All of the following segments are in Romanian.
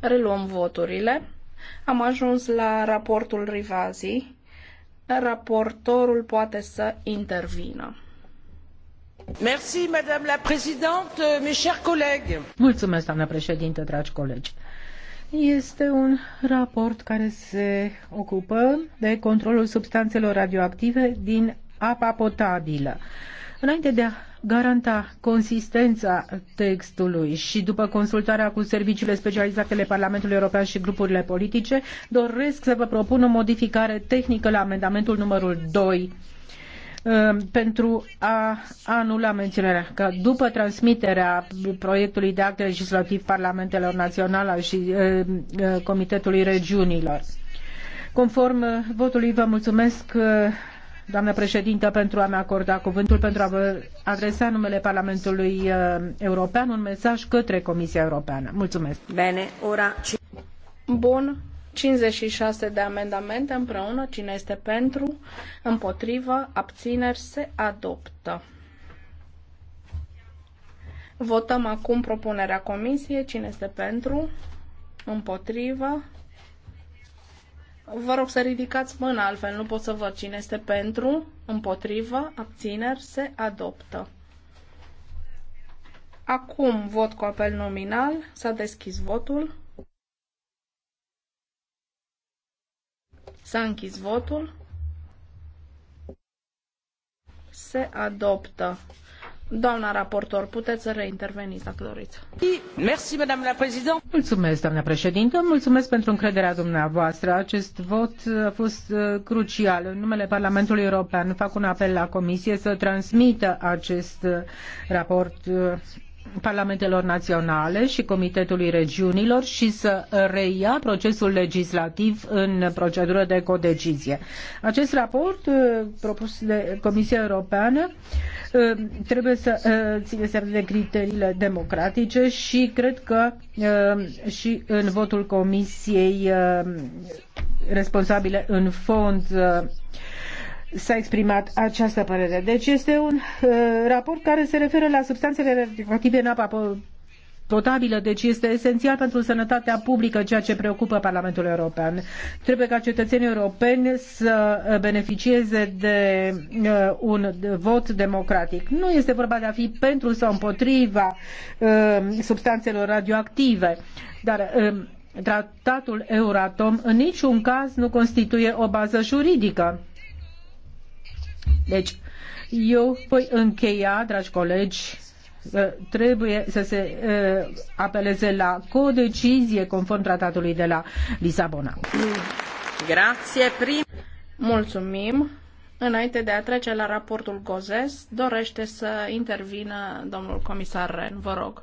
Reluăm voturile. Am ajuns la raportul Rivazi. Raportorul poate să intervină. Merci, Madame la Présidente, mes chers collègues. Mulțumesc, doamnă președinte, dragi colegi. Este un raport care se ocupă de controlul substanțelor radioactive din apa potabilă. Înainte de a garanta consistența textului și după consultarea cu serviciile specializatele Parlamentului European și grupurile politice, doresc să vă propun o modificare tehnică la amendamentul numărul 2 um, pentru a anula menționarea că după transmiterea proiectului de act legislativ Parlamentelor Naționale și um, Comitetului Regiunilor. Conform votului, vă mulțumesc uh, doamnă președintă, pentru a-mi acorda cuvântul, pentru a vă adresa numele Parlamentului uh, European un mesaj către Comisia Europeană. Mulțumesc. Bine, ora. Bun. 56 de amendamente împreună. Cine este pentru? Împotrivă? Abțineri? Se adoptă. Votăm acum propunerea Comisiei. Cine este pentru? Împotrivă? Vă rog să ridicați mâna, altfel nu pot să văd cine este pentru, împotrivă, abțineri, se adoptă. Acum vot cu apel nominal, s-a deschis votul. S-a închis votul. Se adoptă. Doamna raportor, puteți să reinterveniți dacă doriți. Mulțumesc, doamna președintă, mulțumesc pentru încrederea dumneavoastră. Acest vot a fost uh, crucial. În numele Parlamentului European fac un apel la Comisie să transmită acest uh, raport uh, Parlamentelor Naționale și Comitetului Regiunilor și să reia procesul legislativ în procedură de codecizie. Acest raport uh, propus de Comisia Europeană uh, trebuie să uh, ține seama de criteriile democratice și cred că și în votul Comisiei responsabile în fond s-a exprimat această părere. Deci este un uh, raport care se referă la substanțele radioactive în apa potabilă, deci este esențial pentru sănătatea publică, ceea ce preocupă Parlamentul European. Trebuie ca cetățenii europeni să beneficieze de uh, un vot democratic. Nu este vorba de a fi pentru sau împotriva uh, substanțelor radioactive, dar uh, tratatul Euratom în niciun caz nu constituie o bază juridică deci, eu voi păi, încheia, dragi colegi, uh, trebuie să se uh, apeleze la codecizie conform tratatului de la Lisabona. Grație, prim. Mulțumim. Înainte de a trece la raportul Gozes, dorește să intervină domnul comisar Ren. Vă rog.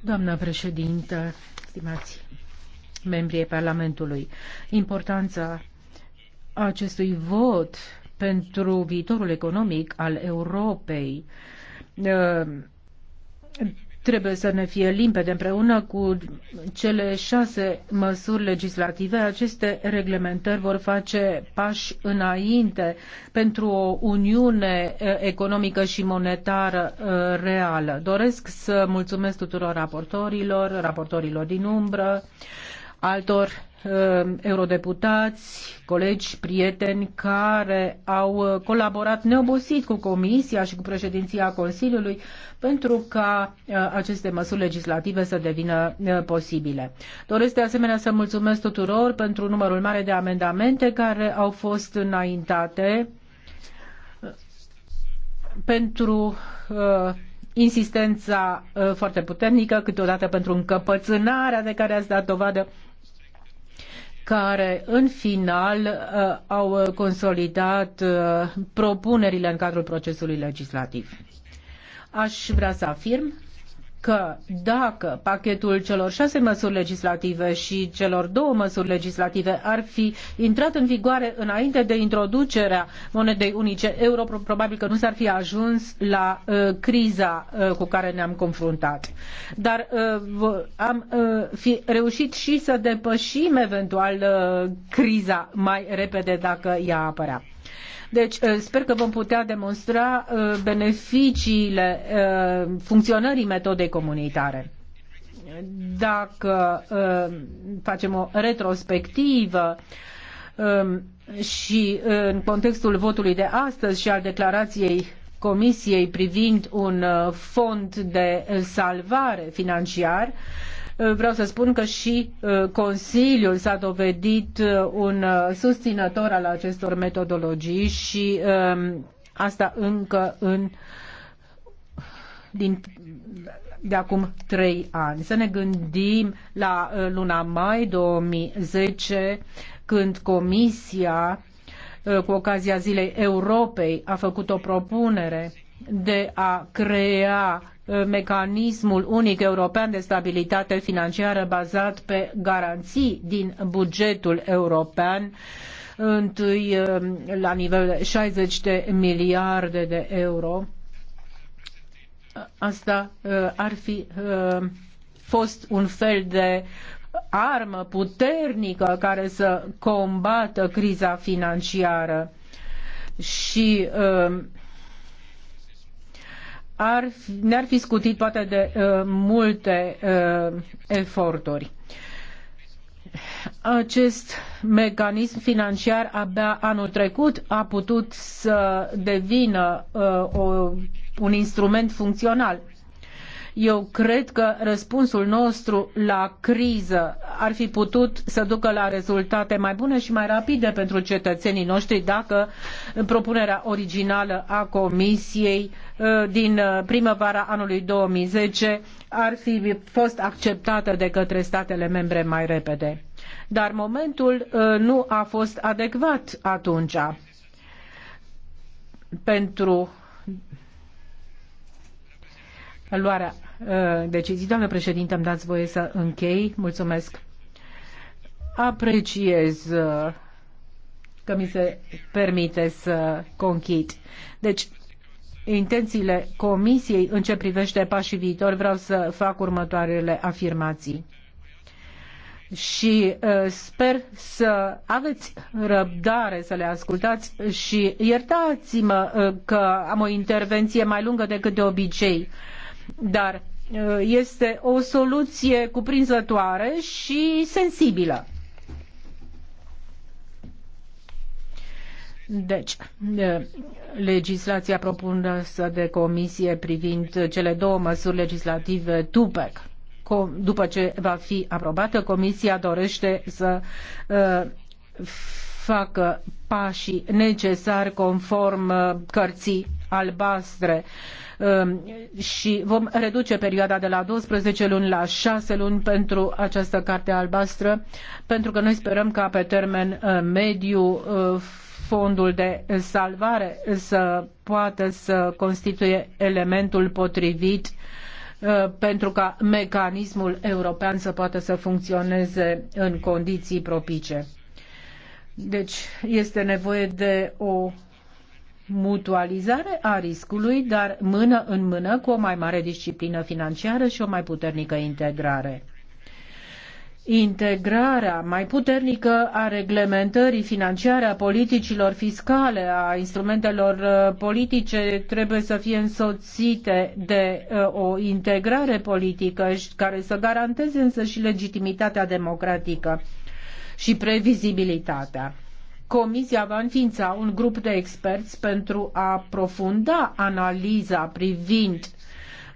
doamnă președintă stimați membrii Parlamentului, importanța acestui vot pentru viitorul economic al Europei uh, trebuie să ne fie limpede împreună cu cele șase măsuri legislative. Aceste reglementări vor face pași înainte pentru o uniune eh, economică și monetară eh, reală. Doresc să mulțumesc tuturor raportorilor, raportorilor din umbră, altor Uh, eurodeputați, colegi, prieteni care au uh, colaborat neobosit cu Comisia și cu președinția Consiliului pentru ca uh, aceste măsuri legislative să devină posibile. Doresc de asemenea să mulțumesc tuturor pentru numărul mare de amendamente care au fost înaintate pentru insistența foarte puternică, câteodată pentru încăpățânarea de care ați dat dovadă care în final uh, au consolidat uh, propunerile în cadrul procesului legislativ. Aș vrea să afirm că dacă pachetul celor șase măsuri legislative și celor două măsuri legislative ar fi intrat în vigoare înainte de introducerea monedei unice euro, probabil că nu s-ar fi ajuns la uh, criza uh, cu care ne-am confruntat. Dar uh, am uh, fi reușit și să depășim eventual uh, criza mai repede dacă ea apărea. Deci uh, sper că vom putea demonstra uh, beneficiile uh, funcționării metodei comunitare dacă facem o retrospectivă um, și în contextul votului de astăzi și al declarației Comisiei privind un fond de salvare financiar, Eh, vreau să spun că și eh, Consiliul s-a dovedit eh, un susținător al acestor metodologii și ehm, asta încă în din, de acum trei ani. Să ne gândim la luna mai 2010, când Comisia, cu ocazia Zilei Europei, a făcut o propunere de a crea uh, mecanismul unic european de stabilitate financiară bazat pe garanții din bugetul european, întâi uh, la nivel de 60 de miliarde de euro. Asta uh, ar fi fost un fel de armă puternică care să combată criza financiară și uh, ar, ne-ar fi scutit poate de uh, multe uh, eforturi. Acest mecanism financiar abia anul trecut a putut să devină uh, o, un instrument funcțional. Eu cred că răspunsul nostru la criză ar fi putut să ducă la rezultate mai bune și mai rapide pentru cetățenii noștri dacă propunerea originală a Comisiei uh, din uh, primăvara anului 2010 ar fi fost acceptată de către statele membre mai repede. Dar momentul uh, nu a fost adecvat atunci pentru luarea Uh, decizii. doamne președinte, îmi dați voie să închei. Mulțumesc. Apreciez uh, că mi se permite să conchid. Deci, intențiile Comisiei în ce privește pașii viitori, vreau să fac următoarele afirmații și uh, sper să aveți răbdare să le ascultați și iertați-mă că am o intervenție mai lungă decât de obicei dar uh, este o soluție cuprinzătoare și sensibilă. Deci, uh, legislația propusă de comisie privind cele două măsuri legislative TUPEC, după ce va fi aprobată, comisia dorește să uh, facă pașii necesari conform cărții albastre um, și vom reduce perioada de la 12 luni la 6 luni pentru această carte albastră, pentru că noi sperăm ca pe termen uh, mediu uh, fondul de salvare să poată să constituie elementul potrivit uh, pentru ca mecanismul european să poată să funcționeze în condiții propice. Deci este nevoie de o mutualizare a riscului, dar mână în mână cu o mai mare disciplină financiară și o mai puternică integrare. Integrarea mai puternică a reglementării financiare, a politicilor fiscale, a instrumentelor uh, politice trebuie să fie însoțite de uh, o integrare politică care să garanteze însă și legitimitatea democratică și previzibilitatea. Comisia va înființa un grup de experți pentru a profunda analiza privind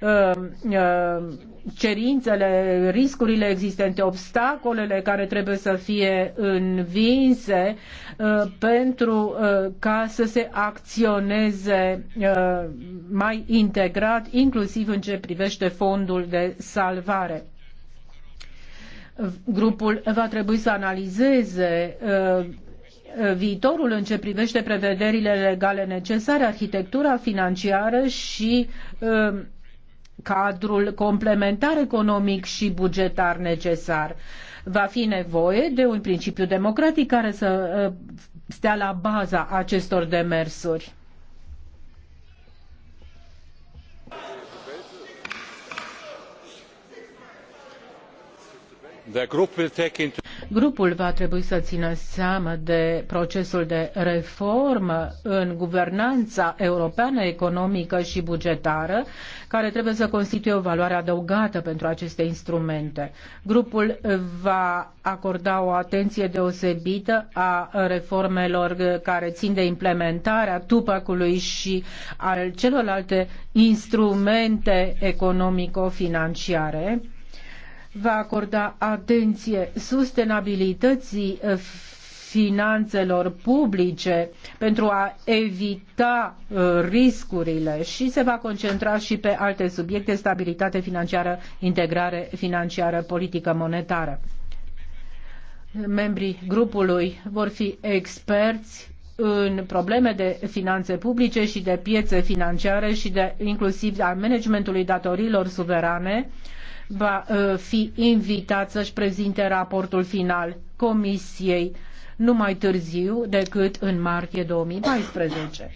uh, uh, cerințele, riscurile existente, obstacolele care trebuie să fie învinse uh, pentru ca să se acționeze mai integrat, inclusiv în ce privește fondul de salvare. Grupul va trebui să analizeze viitorul în ce privește prevederile legale necesare, arhitectura financiară și um, cadrul complementar economic și bugetar necesar. Va fi nevoie de un principiu democratic care să uh, stea la baza acestor demersuri. The group will take into Grupul va trebui să țină seama de procesul de reformă în guvernanța europeană economică și bugetară, care trebuie să constituie o valoare adăugată pentru aceste instrumente. Grupul va acorda o atenție deosebită a reformelor care țin de implementarea tupacului și al celorlalte instrumente economico-financiare va acorda atenție sustenabilității eh, finanțelor publice pentru a evita eh, riscurile și se va concentra și pe alte subiecte, stabilitate financiară, integrare financiară, politică monetară. Membrii grupului vor fi experți în probleme de finanțe publice și de piețe financiare și de inclusiv a managementului datorilor suverane, uh, va uh, fi invitat să-și prezinte raportul final Comisiei nu mai târziu decât în martie 2014.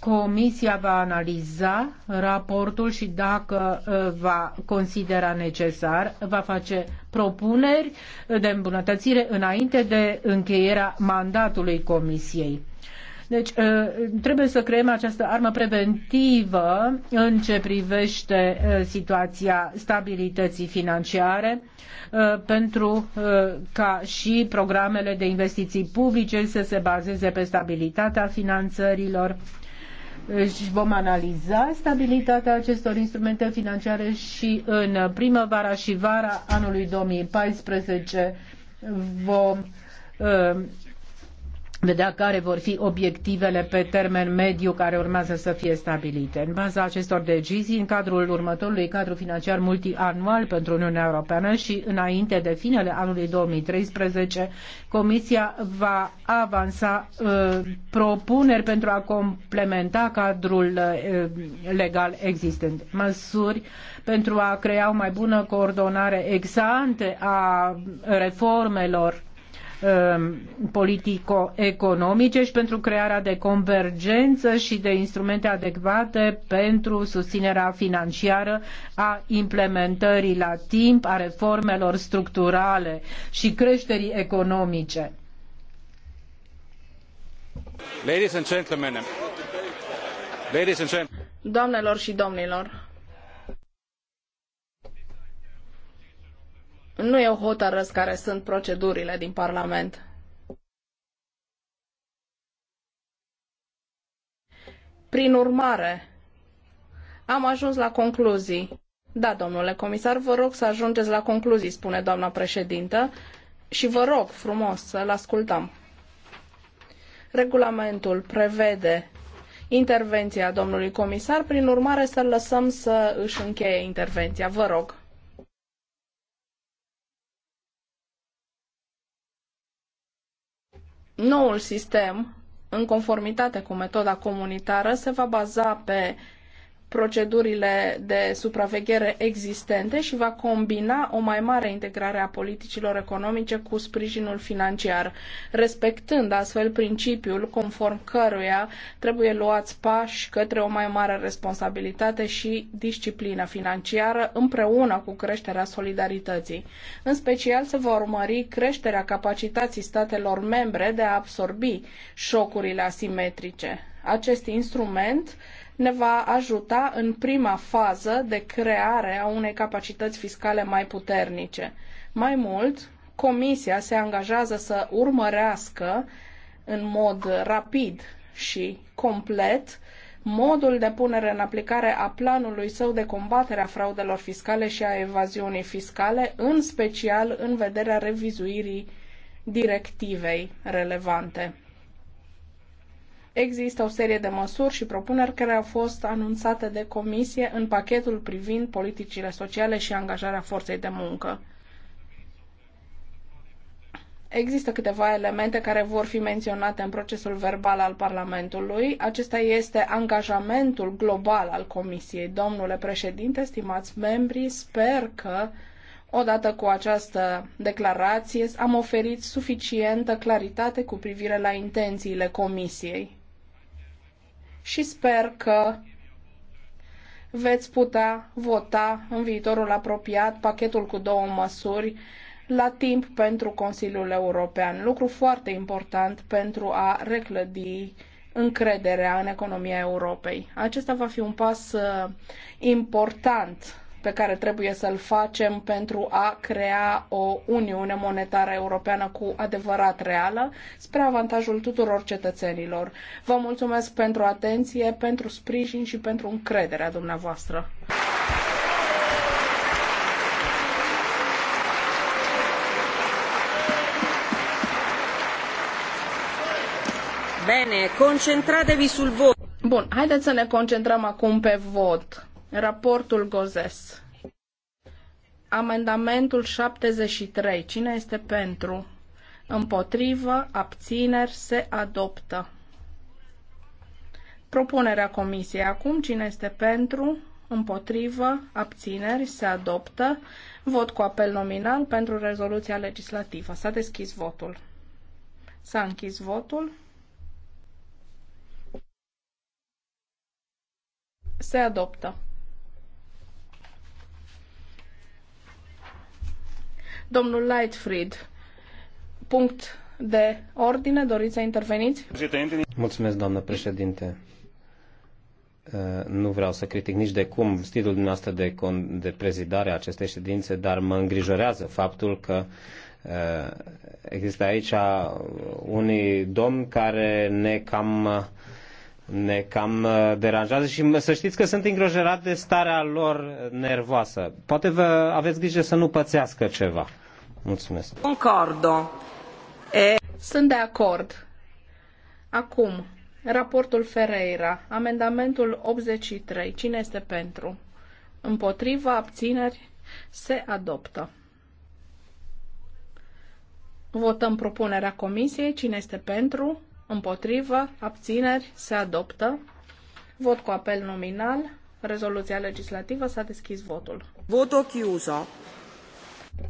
Comisia va analiza raportul și dacă uh, va considera necesar, va face propuneri de îmbunătățire înainte de încheierea mandatului Comisiei. Deci uh, trebuie să creăm această armă preventivă în ce privește uh, situația stabilității financiare uh, pentru ca și programele de investiții publice să se bazeze pe stabilitatea finanțărilor și deci, vom analiza stabilitatea acestor instrumente financiare și în primăvara și vara anului 2014 vom vedea care vor fi obiectivele pe termen mediu care urmează să fie stabilite. În baza acestor decizii, în cadrul următorului cadru financiar multianual pentru Uniunea Europeană și înainte de finele anului 2013, Comisia va avansa uh, propuneri pentru a complementa cadrul uh, legal existent. Măsuri pentru a crea o mai bună coordonare ex ante a reformelor Um, politico-economice și pentru crearea de convergență și de instrumente adecvate pentru susținerea financiară a implementării la timp a reformelor structurale și creșterii economice. Ladies and gentlemen, ladies and gentlemen. Doamnelor și domnilor, Nu eu hotărăsc care sunt procedurile din Parlament. Prin urmare, am ajuns la concluzii. Da, domnule comisar, vă rog să ajungeți la concluzii, spune doamna președintă, și vă rog frumos să-l ascultăm. Regulamentul prevede intervenția domnului comisar, prin urmare să-l lăsăm să își încheie intervenția. Vă rog. Noul sistem, în conformitate cu metoda comunitară, se va baza pe procedurile de supraveghere existente și va combina o mai mare integrare a politicilor economice cu sprijinul financiar, respectând astfel principiul conform căruia trebuie luați pași către o mai mare responsabilitate și disciplină financiară împreună cu creșterea solidarității. În special se va urmări creșterea capacității statelor membre de a absorbi șocurile asimetrice. Acest instrument ne va ajuta în prima fază de creare a unei capacități fiscale mai puternice. Mai mult, Comisia se angajează să urmărească în mod rapid și complet modul de punere în aplicare a planului său de combatere a fraudelor fiscale și a evaziunii fiscale, în special în vederea revizuirii directivei relevante. Există o serie de măsuri și propuneri care au fost anunțate de comisie în pachetul privind politicile sociale și angajarea forței de muncă. Există câteva elemente care vor fi menționate în procesul verbal al Parlamentului. Acesta este angajamentul global al Comisiei. Domnule președinte, stimați membri, sper că odată cu această declarație am oferit suficientă claritate cu privire la intențiile Comisiei și sper că veți putea vota în viitorul apropiat pachetul cu două măsuri la timp pentru Consiliul European, lucru foarte important pentru a reclădi încrederea în economia Europei. Acesta va fi un pas uh, important pe care trebuie să-l facem pentru a crea o uniune monetară europeană cu adevărat reală, spre avantajul tuturor cetățenilor. Vă mulțumesc pentru atenție, pentru sprijin și pentru încrederea dumneavoastră. Bine, concentratevi sul vot. Bun, haideți să ne concentrăm acum pe vot. Raportul Gozes. Amendamentul 73. Cine este pentru? Împotrivă, abțineri, se adoptă. Propunerea comisiei acum. Cine este pentru? Împotrivă, abțineri, se adoptă. Vot cu apel nominal pentru rezoluția legislativă. S-a deschis votul. S-a închis votul. Se adoptă. Domnul Lightfried, punct de ordine, doriți să interveniți? Mulțumesc, doamnă președinte. Uh, nu vreau să critic nici de cum stilul dumneavoastră de, de prezidare a acestei ședințe, dar mă îngrijorează faptul că uh, există aici unii domni care ne cam uh, ne cam uh, deranjează și să știți că sunt îngrijorat de starea lor nervoasă. Poate vă aveți grijă să nu pățească ceva. Mulțumesc. Concordo. E... Sunt de acord. Acum, raportul Ferreira, amendamentul 83. Cine este pentru? Împotriva abțineri se adoptă. Votăm propunerea comisiei. Cine este pentru? împotrivă, abțineri, se adoptă. Vot cu apel nominal, rezoluția legislativă, s-a deschis votul. Voto chiuso.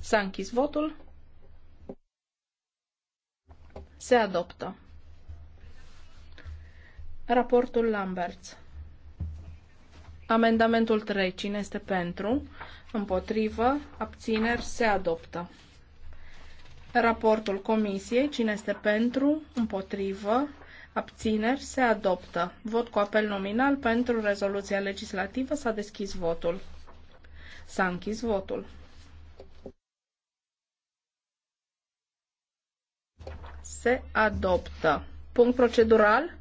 S-a închis votul. Se adoptă. Raportul Lamberts. Amendamentul 3. Cine este pentru? Împotrivă? Abțineri? Se adoptă. Raportul comisiei, cine este pentru, împotrivă, abțineri, se adoptă. Vot cu apel nominal pentru rezoluția legislativă. S-a deschis votul. S-a închis votul. Se adoptă. Punct procedural.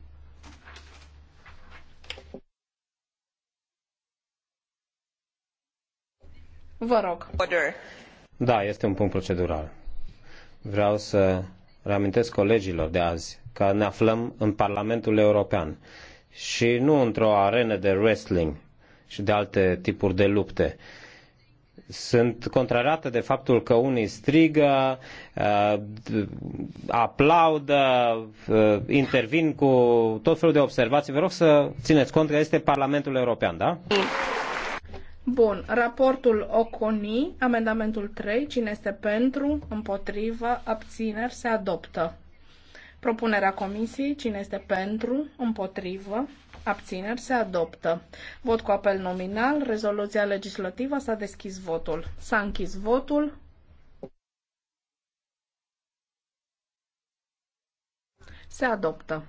Vă rog. Da, este un punct procedural. Vreau să reamintesc colegilor de azi că ne aflăm în Parlamentul European și nu într-o arenă de wrestling și de alte tipuri de lupte. Sunt contrariată de faptul că unii strigă, uh, aplaudă, uh, intervin cu tot felul de observații. Vă rog să țineți cont că este Parlamentul European, da? Bun, raportul Oconi, amendamentul 3, cine este pentru, împotrivă, abțineri, se adoptă. Propunerea comisiei, cine este pentru, împotrivă, abțineri, se adoptă. Vot cu apel nominal, rezoluția legislativă, s-a deschis votul. S-a închis votul. Se adoptă.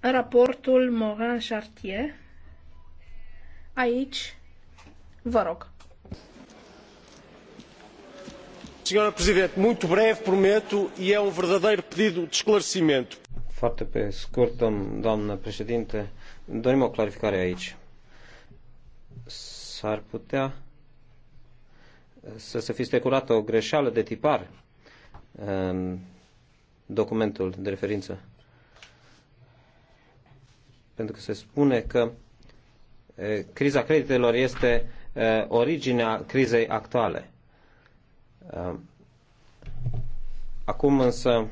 Raportul Morin-Chartier aici, vă rog. Senhora Presidente, muito breve, prometo, e é um verdadeiro pedido de esclarecimento. Foarte pe scurt, doamnă președinte, dorim o clarificare aici. S-ar putea să se fi strecurat o greșeală de tipar în documentul de referință. Pentru că se spune că criza creditelor este originea crizei actuale. Acum însă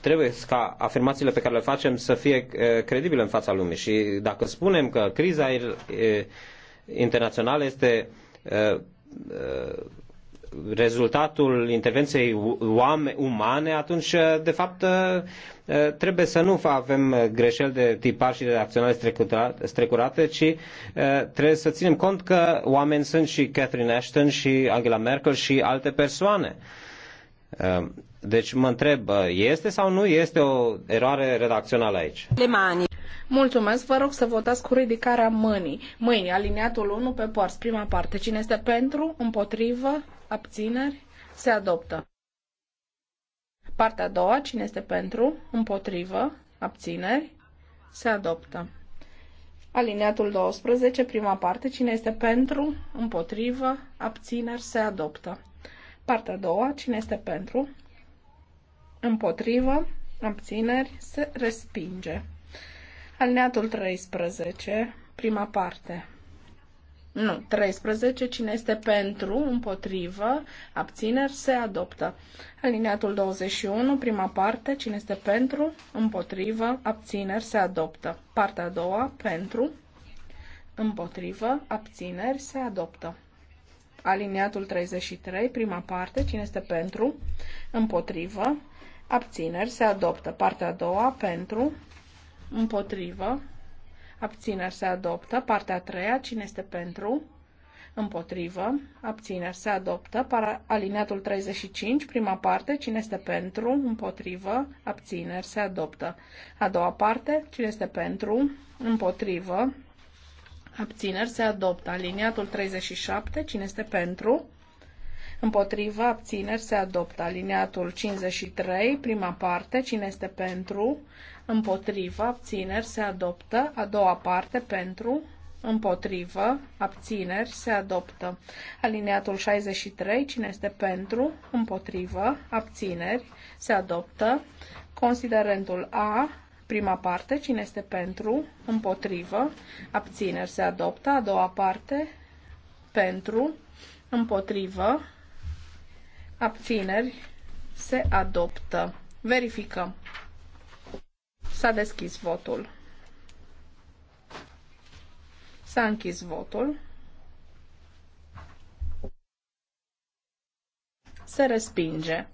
trebuie ca afirmațiile pe care le facem să fie credibile în fața lumii și dacă spunem că criza internațională este rezultatul intervenției umane, atunci, uh, de fapt, uh, uh, trebuie să nu avem greșeli de tipar și de acționare strecurate, ci trebuie să ținem cont că oameni sunt și Catherine Ashton și Angela Merkel și alte persoane. Deci mă întreb, este sau nu este o eroare redacțională aici? Lemani. Mulțumesc, vă rog să votați cu ridicarea mâinii. Mâinii, aliniatul 1 pe părți, prima parte. Cine este pentru, împotrivă, abțineri, se adoptă. Partea a doua, cine este pentru, împotrivă, abțineri, se adoptă. Alineatul 12, prima parte, cine este pentru, împotrivă, abțineri, se adoptă. Partea a doua, cine este pentru, împotrivă, abțineri, se respinge. Alineatul 13, prima parte, nu, 13. Cine este pentru, împotrivă, abțineri, se adoptă. Alineatul 21, prima parte. Cine este pentru, împotrivă, abțineri, se adoptă. Partea a doua, pentru, împotrivă, abțineri, se adoptă. Aliniatul 33, prima parte. Cine este pentru, împotrivă, abțineri, se adoptă. Partea a doua, pentru, împotrivă, abțineri se adoptă. Partea a treia, cine este pentru? Împotrivă, abțineri se adoptă. Para, alineatul 35, prima parte, cine este pentru? Împotrivă, abțineri se adoptă. A doua parte, cine este pentru? Împotrivă, abțineri se adoptă. Aliniatul 37, cine este pentru? împotriva, abțineri, se adoptă. Alineatul 53, prima parte, cine este pentru, împotriva, abțineri, se adoptă. A doua parte, pentru, împotrivă, abțineri, se adoptă. Alineatul 63, cine este pentru, împotrivă, abțineri, se adoptă. Considerentul A, prima parte, cine este pentru, împotrivă, abțineri, se adoptă. A doua parte, pentru, împotrivă, abțineri, se adoptă. Verificăm. S-a deschis votul. S-a închis votul. Se respinge.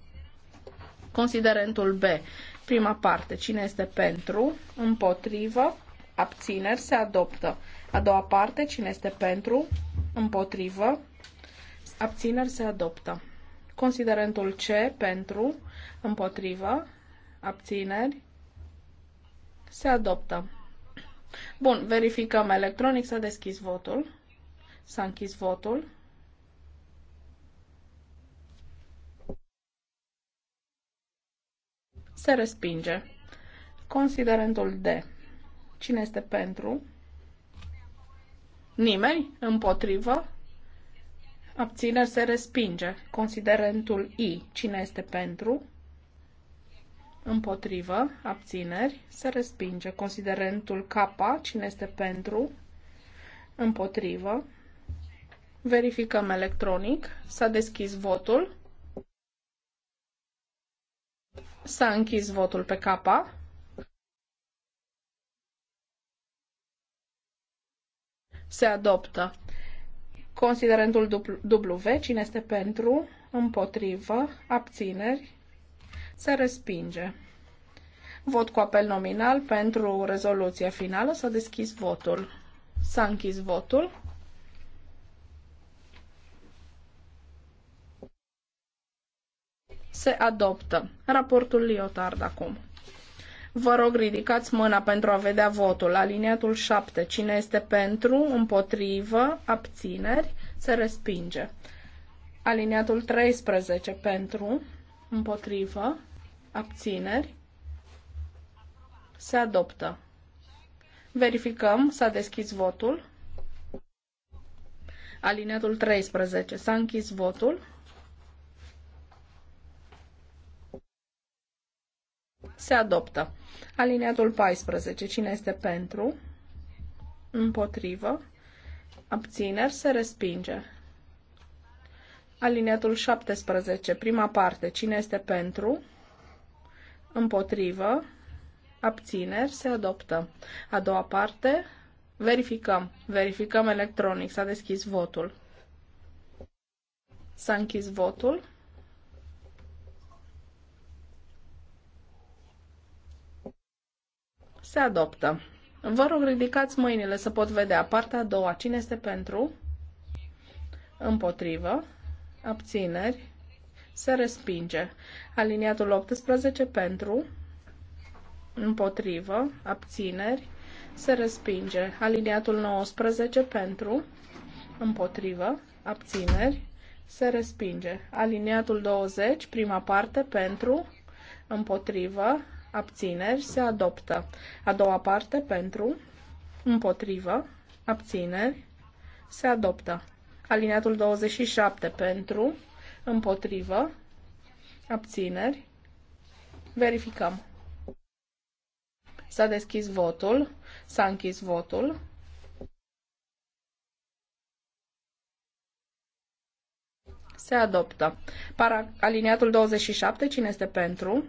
Considerentul B. Prima parte. Cine este pentru? Împotrivă. Abțineri. Se adoptă. A doua parte. Cine este pentru? Împotrivă. Abțineri. Se adoptă. Considerentul C pentru, împotrivă, abțineri, se adoptă. Bun, verificăm electronic, s-a deschis votul, s-a închis votul. Se respinge. Considerentul D. Cine este pentru? Nimeni? Împotrivă? Abțineri se respinge. Considerentul I. Cine este pentru? Împotrivă. Abțineri se respinge. Considerentul K. Cine este pentru? Împotrivă. Verificăm electronic. S-a deschis votul. S-a închis votul pe K. Se adoptă. Considerentul W, cine este pentru, împotrivă, abțineri, se respinge. Vot cu apel nominal pentru rezoluția finală. S-a deschis votul. S-a închis votul. Se adoptă. Raportul Liotard acum. Vă rog, ridicați mâna pentru a vedea votul. Aliniatul 7. Cine este pentru, împotrivă, abțineri, se respinge. Aliniatul 13. Pentru, împotrivă, abțineri, se adoptă. Verificăm, s-a deschis votul. Aliniatul 13. S-a închis votul. Se adoptă. Alineatul 14. Cine este pentru? Împotrivă. Abțineri. Se respinge. Alineatul 17. Prima parte. Cine este pentru? Împotrivă. Abțineri. Se adoptă. A doua parte. Verificăm. Verificăm electronic. S-a deschis votul. S-a închis votul. Se adoptă. Vă rog, ridicați mâinile să pot vedea partea a doua. Cine este pentru? Împotrivă. Abțineri. Se respinge. Aliniatul 18 pentru. Împotrivă. Abțineri. Se respinge. Aliniatul 19 pentru. Împotrivă. Abțineri. Se respinge. Aliniatul 20, prima parte, pentru, împotrivă, abțineri, se adoptă. A doua parte, pentru, împotrivă, abțineri, se adoptă. Alineatul 27, pentru, împotrivă, abțineri, verificăm. S-a deschis votul, s-a închis votul. Se adoptă. Para, aliniatul 27, cine este pentru?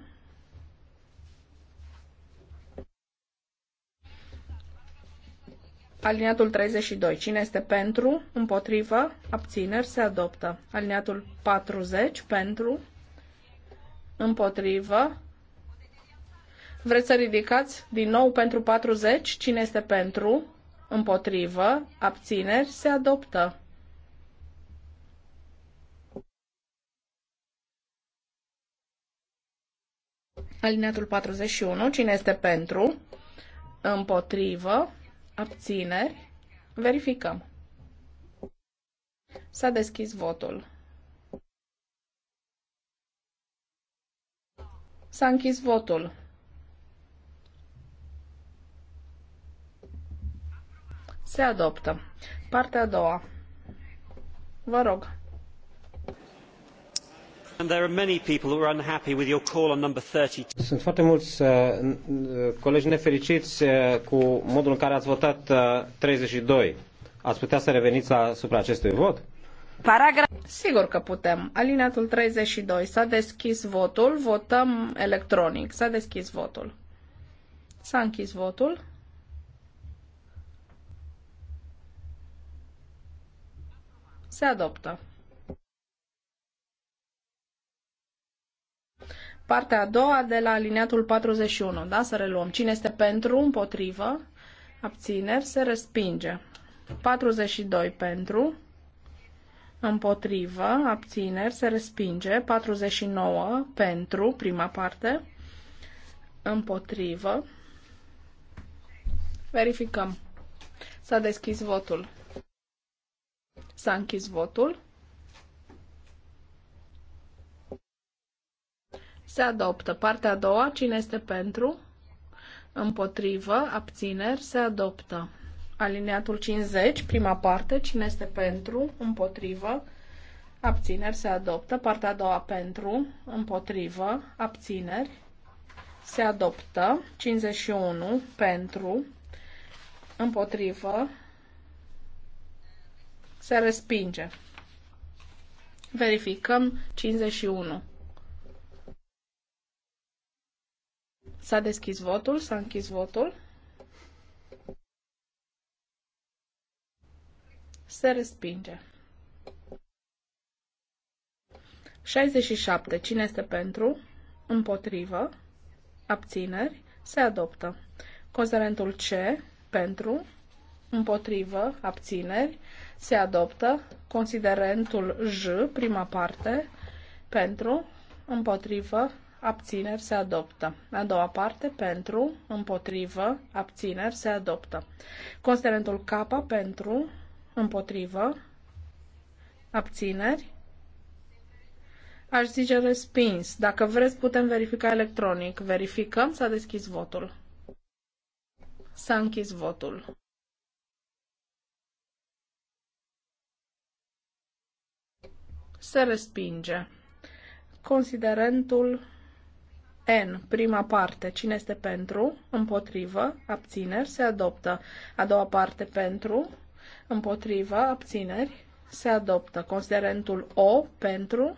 Aliniatul 32. Cine este pentru? Împotrivă? Abțineri? Se adoptă. Aliniatul 40. Pentru? Împotrivă? Vreți să ridicați din nou pentru 40? Cine este pentru? Împotrivă? Abțineri? Se adoptă. Alineatul 41. Cine este pentru? Împotrivă? Abțineri. Verificăm. S-a deschis votul. S-a închis votul. Se adoptă. Partea a doua. Vă rog. Sunt foarte mulți uh, uh, colegi nefericiți uh, cu modul în care ați votat 32. Ați putea să reveniți asupra acestui vot? Paragraf. Sigur că putem. Alineatul 32. S-a deschis votul. Votăm electronic. S-a deschis votul. S-a închis votul. Se adoptă. Partea a doua de la alineatul 41, da? Să reluăm. Cine este pentru, împotrivă, abțineri, se respinge. 42 pentru, împotrivă, abțineri, se respinge. 49 pentru, prima parte, împotrivă. Verificăm. S-a deschis votul. S-a închis votul. Se adoptă. Partea a doua, cine este pentru? Împotrivă, abțineri, se adoptă. Alineatul 50, prima parte, cine este pentru? Împotrivă, abțineri, se adoptă. Partea a doua, pentru, împotrivă, abțineri, se adoptă. 51, pentru, împotrivă, se respinge. Verificăm 51. S-a deschis votul, s-a închis votul. Se respinge. 67. Cine este pentru? Împotrivă. Abțineri. Se adoptă. Considerentul C. Pentru. Împotrivă. Abțineri. Se adoptă. Considerentul J. Prima parte. Pentru. Împotrivă abțineri se adoptă. A doua parte, pentru, împotrivă, abțineri se adoptă. Considerentul K pentru, împotrivă, abțineri, aș zice respins. Dacă vreți, putem verifica electronic. Verificăm, s-a deschis votul. S-a închis votul. Se respinge. Considerentul N, prima parte, cine este pentru, împotrivă, abțineri, se adoptă. A doua parte, pentru, împotrivă, abțineri, se adoptă. Considerentul O, pentru,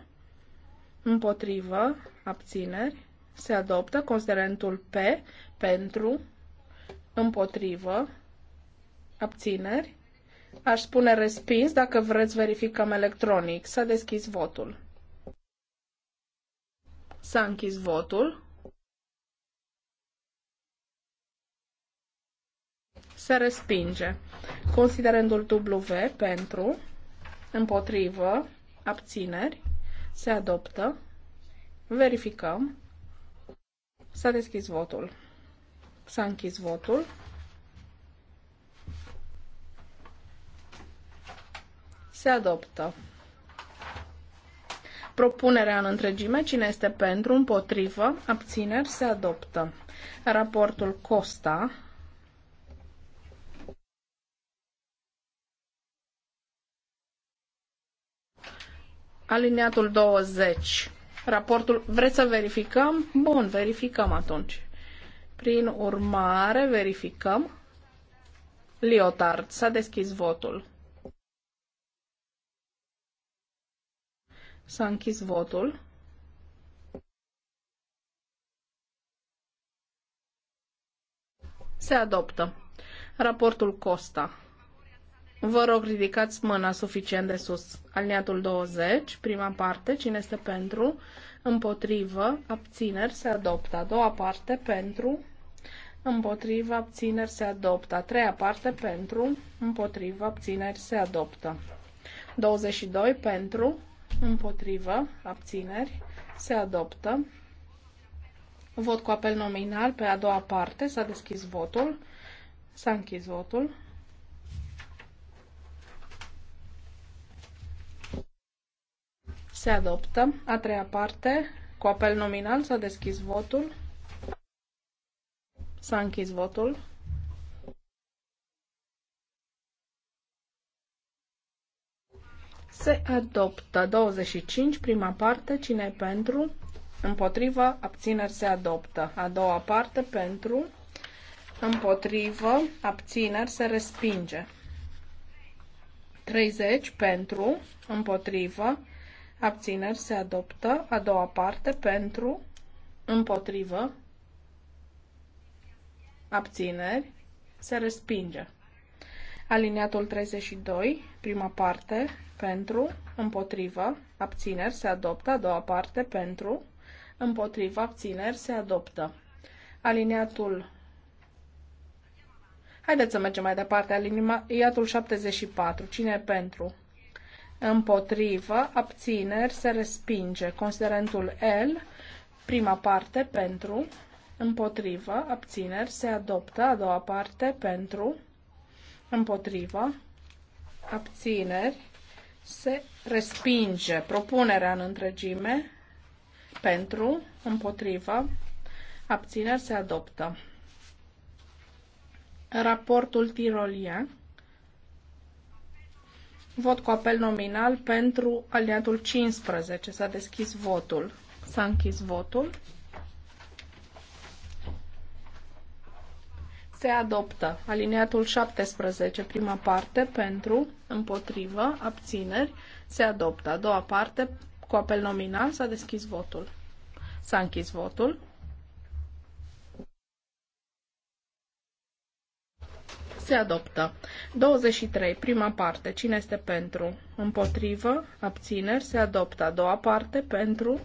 împotrivă, abțineri, se adoptă. Considerentul P, pentru, împotrivă, abțineri. Aș spune respins, dacă vreți verificăm electronic. să deschizi deschis votul. S-a închis votul. Se respinge. Considerândul W pentru, împotrivă, abțineri, se adoptă. Verificăm. S-a deschis votul. S-a închis votul. Se adoptă. Propunerea în întregime, cine este pentru, împotrivă, abțineri, se adoptă. Raportul Costa. Aliniatul 20. Raportul, vreți să verificăm? Bun, verificăm atunci. Prin urmare, verificăm. Liotard, s-a deschis votul. S-a închis votul. Se adoptă. Raportul Costa. Vă rog, ridicați mâna suficient de sus. Aliniatul 20, prima parte, cine este pentru, împotrivă, abțineri, se adoptă. A doua parte, pentru, împotrivă, abțineri, se adoptă. A treia parte, pentru, împotrivă, abțineri, se adoptă. 22, pentru, împotrivă, abțineri, se adoptă. Vot cu apel nominal pe a doua parte. S-a deschis votul. S-a închis votul. Se adoptă. A treia parte. Cu apel nominal s-a deschis votul. S-a închis votul. Se adoptă 25, prima parte, cine e pentru? Împotrivă, abțineri se adoptă. A doua parte, pentru, împotrivă, abțineri se respinge. 30, pentru, împotrivă, abțineri se adoptă. A doua parte, pentru, împotrivă, abțineri se respinge. Aliniatul 32, prima parte, pentru, împotrivă, abțineri se adoptă, a doua parte, pentru, împotrivă, abțineri se adoptă. Aliniatul Haideți să mergem mai departe. Aliniatul 74. Cine e pentru? Împotrivă, abțineri, se respinge. Considerentul L, prima parte, pentru. Împotrivă, abțineri, se adoptă. A doua parte, pentru împotrivă, abțineri, se respinge propunerea în întregime, pentru, împotrivă, abțineri, se adoptă. Raportul tirolien. Vot cu apel nominal pentru aliatul 15. S-a deschis votul. S-a închis votul. Se adoptă. Aliniatul 17, prima parte, pentru, împotrivă, abțineri. Se adoptă. A doua parte, cu apel nominal, s-a deschis votul. S-a închis votul. se adoptă. 23. Prima parte. Cine este pentru? Împotrivă. Abțineri. Se adoptă. A doua parte. Pentru.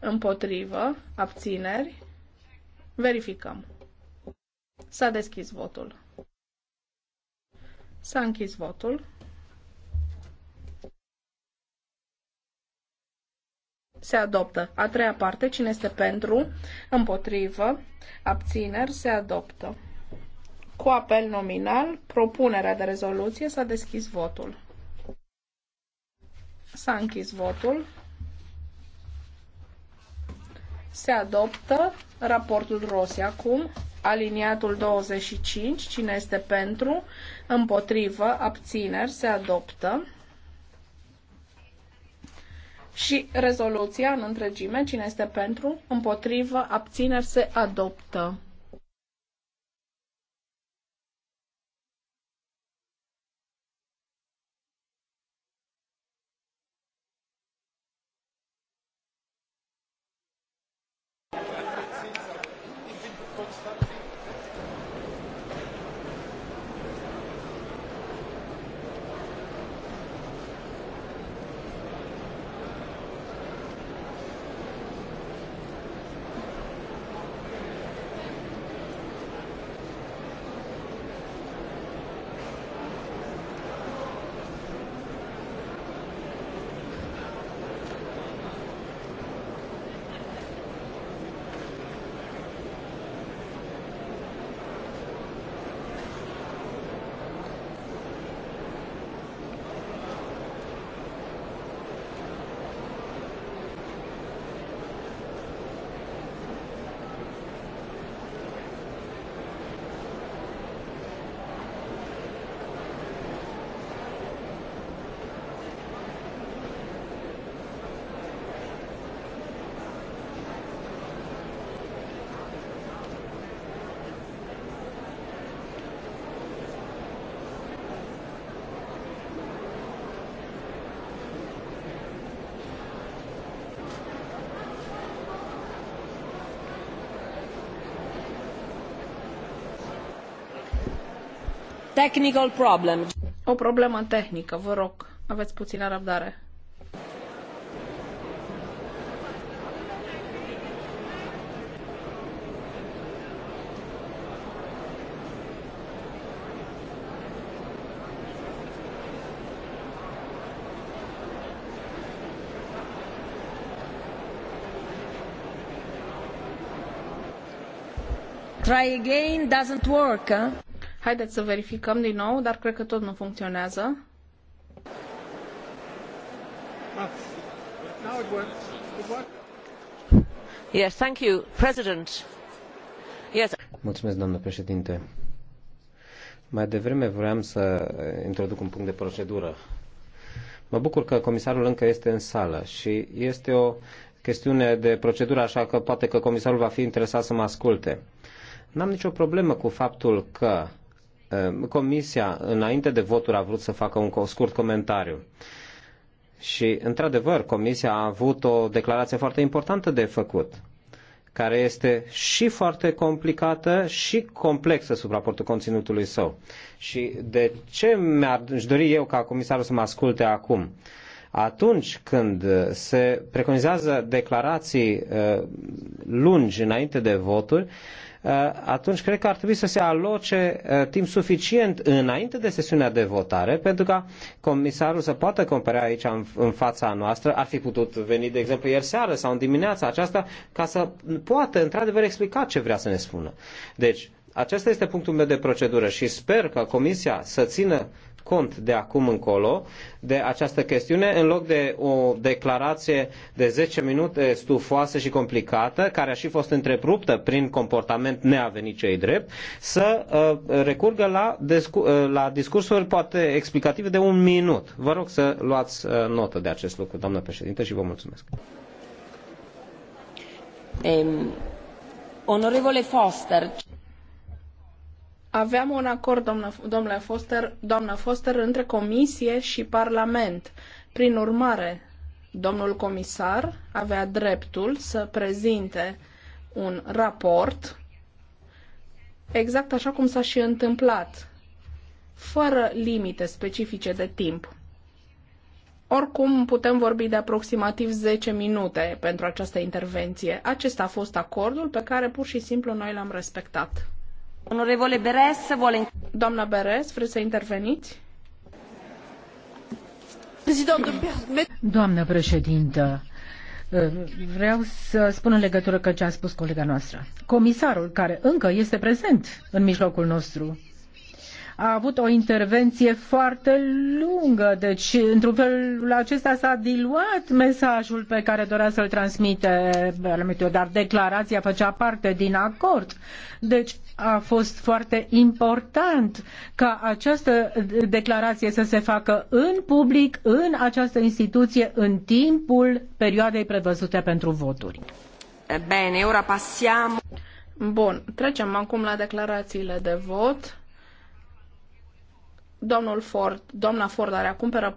Împotrivă. Abțineri. Verificăm. S-a deschis votul. S-a închis votul. Se adoptă. A treia parte, cine este pentru, împotrivă, abțineri, se adoptă. Cu apel nominal, propunerea de rezoluție, s-a deschis votul. S-a închis votul. Se adoptă raportul Rossi acum aliniatul 25, cine este pentru, împotrivă, abțineri, se adoptă. Și rezoluția în întregime, cine este pentru, împotrivă, abțineri, se adoptă. Technical problem. O problemă tehnică, vă rog. Aveți puțină răbdare. Try again doesn't work. Huh? Haideți să verificăm din nou, dar cred că tot nu funcționează. Yes, thank you, President. Yes. Mulțumesc, doamnă președinte. Mai devreme vreau să introduc un punct de procedură. Mă bucur că comisarul încă este în sală și este o chestiune de procedură, așa că poate că comisarul va fi interesat să mă asculte. N-am nicio problemă cu faptul că Ehm, comisia, înainte de voturi, a vrut să facă un scurt comentariu. Și, într-adevăr, Comisia a avut o declarație foarte importantă de făcut, care este și foarte complicată și complexă sub raportul conținutului său. Și de ce mi-aș dori eu ca comisarul să mă asculte acum? Atunci când se preconizează declarații ehm, lungi înainte de voturi, Eh, atunci cred că ar trebui să se aloce eh, timp suficient înainte de sesiunea de votare pentru ca comisarul să poată compara aici în, în fața noastră. Ar fi putut veni, de exemplu, ieri seară sau în dimineața aceasta ca să poată, într-adevăr, explica ce vrea să ne spună. Deci, acesta este punctul meu de procedură și sper că Comisia să țină cont de acum încolo de această chestiune, în loc de o declarație de 10 minute stufoasă și complicată, care a și fost întreruptă prin comportament neavenit cei drept, să uh, recurgă la, discu- uh, la discursuri poate explicative de un minut. Vă rog să luați uh, notă de acest lucru, doamnă președinte, și vă mulțumesc. Um, onorevole Foster. Aveam un acord, doamnă, domnule Foster, doamnă Foster, între Comisie și Parlament. Prin urmare, domnul comisar avea dreptul să prezinte un raport, exact așa cum s-a și întâmplat, fără limite specifice de timp. Oricum, putem vorbi de aproximativ 10 minute pentru această intervenție. Acesta a fost acordul pe care pur și simplu noi l-am respectat. Beres, Doamna Beres, vreți să interveniți? Doamnă președintă, vreau să spun în legătură cu ce a spus colega noastră. Comisarul, care încă este prezent în mijlocul nostru, a avut o intervenție foarte lungă, deci într-un fel acesta s-a diluat mesajul pe care dorea să-l transmite, dar declarația făcea parte din acord. Deci a fost foarte important ca această declarație să se facă în public, în această instituție, în timpul perioadei prevăzute pentru voturi. Bine, ora passiamo. Bun, trecem acum la declarațiile de vot. Domnul Ford, doamna Ford are acum pe